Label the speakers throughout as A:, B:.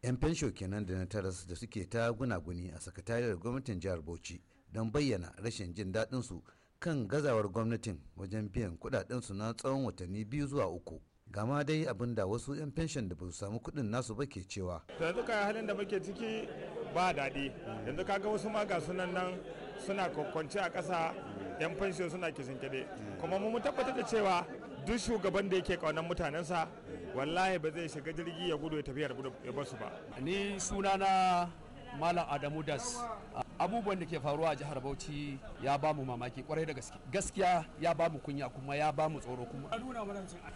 A: 'yan fensho kenan da na taras da suke ta gunaguni a sakatariyar gwamnatin jihar bauchi don bayyana rashin jin daɗinsu kan gazawar gwamnatin wajen biyan kudaden su na tsawon watanni biyu zuwa uku gama dai abin da wasu 'yan fenshin da ba su samu kuɗin nasu ba ke cewa
B: yanzu ka halin da muke ciki ba daɗi yanzu ga wasu ma ga sunan nan suna kwakwanci a ƙasa 'yan fenshin suna kishin kide kuma mu tabbatar da cewa duk shugaban da yake ƙaunar mutanensa wallahi ba zai shiga jirgi ya gudu ya tafiyar ya ba su ba ni sunana malam adamu das abubuwan da ke faruwa a jihar bauchi ya ba mu mamaki kwarai da gaske gaskiya ya ba mu kunya kuma ya ba mu tsoro kuma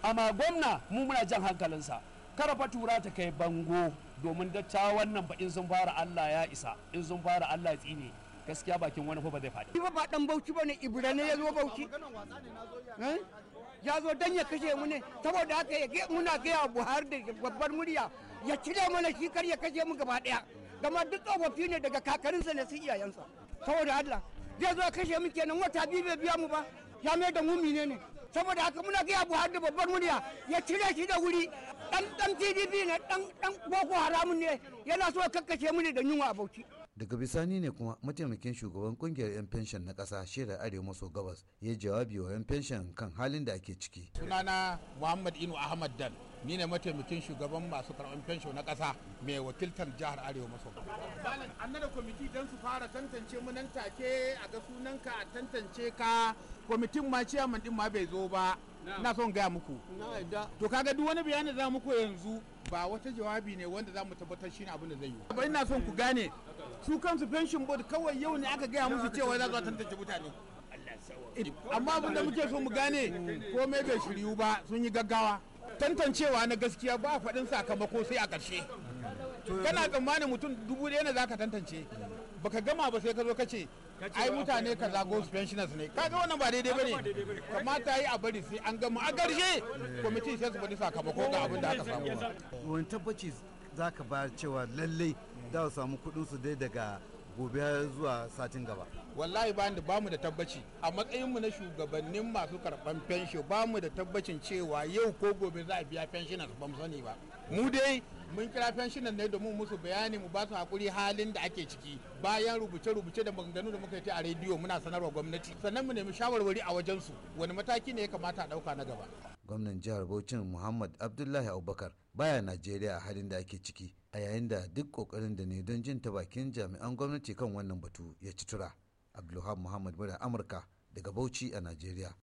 B: amma gwamna mu muna jan hankalinsa kara fatura ta kai bango domin ta wannan ba in sun fara allah ya isa in sun fara allah ya tsine gaskiya bakin wani fa ba zai faɗi.
C: Ba dan Bauchi ne Ibra ne ya zo Bauchi. Eh? Ya zo dan ya kashe mu ne saboda haka muna gaya Buhari da babbar murya ya cire mana shi kar ya kashe mu gaba daya gama duk tsofaffi ne daga kakarinsa ne su iyayensa saboda Allah zai zo kashe mu kenan wata biyu bai biya mu ba ya mai da mumi ne ne saboda haka muna gaya Buhari da babbar murya ya cire shi da wuri dan dan TDP ne dan dan Boko haramun ne yana so kakkashe mu ne da yunwa a Bauchi
A: daga bisani ne kuma mataimakin shugaban kungiyar 'yan fenshen na ƙasa da arewa maso gabas ya jawabi wa 'yan fenshen kan halin da ake ciki
B: sunana muhammad inu ahmad dan ni ne mataimakin shugaban masu karɓar fensho na ƙasa mai wakiltar jihar arewa maso balan an nada kwamiti don su fara tantance mu nan take a ga sunanka a tantance ka kwamitin ma ciyaman din ma bai zo ba na son gaya muku to kaga duk wani bayani za muku yanzu ba wata jawabi ne wanda za mu tabbatar shi ne abin da zai yi ba ina son ku gane su kansu pension board kawai yau ne aka gaya musu cewa za su tantance mutane amma abin da muke so mu gane komai bai shiryu ba sun yi gaggawa tantancewa na gaskiya ba a faɗin sakamako sai a
C: ƙarshe kana
B: tsammanin mutum dubu ɗaya na zaka tantance baka gama ba sai ka zo ka ce ai mutane ka zago pensioners ne ga wannan ba daidai bane kamata yi a bari sai an gama a ƙarshe kwamitin sai su faɗi sakamako ga abin da aka samu
A: wani tabbaci zaka ba cewa lallai za su samu kuɗin su dai daga gobe zuwa
B: satin gaba wallahi ba da bamu da tabbaci a matsayin mu na shugabannin masu karban ba bamu da tabbacin cewa yau ko gobe za a biya fenshin ba mu sani ba mu dai mun kira fenshin ne da mu musu bayani mu ba su hakuri halin da ake ciki bayan rubuce-rubuce da maganganu da muka yi a rediyo muna sanarwa gwamnati sannan mu nemi shawarwari a wajen su wani mataki ne ya kamata a ɗauka na gaba
A: gwamnan jihar Bauchin Muhammad Abdullahi Abubakar baya Najeriya a halin da ake ciki a yayin da duk kokarin da ne don jin ta bakin jami'an gwamnati kan wannan batu ya ci tura. Abdulhab Muhammad Bura Amurka daga Bauchi a Najeriya.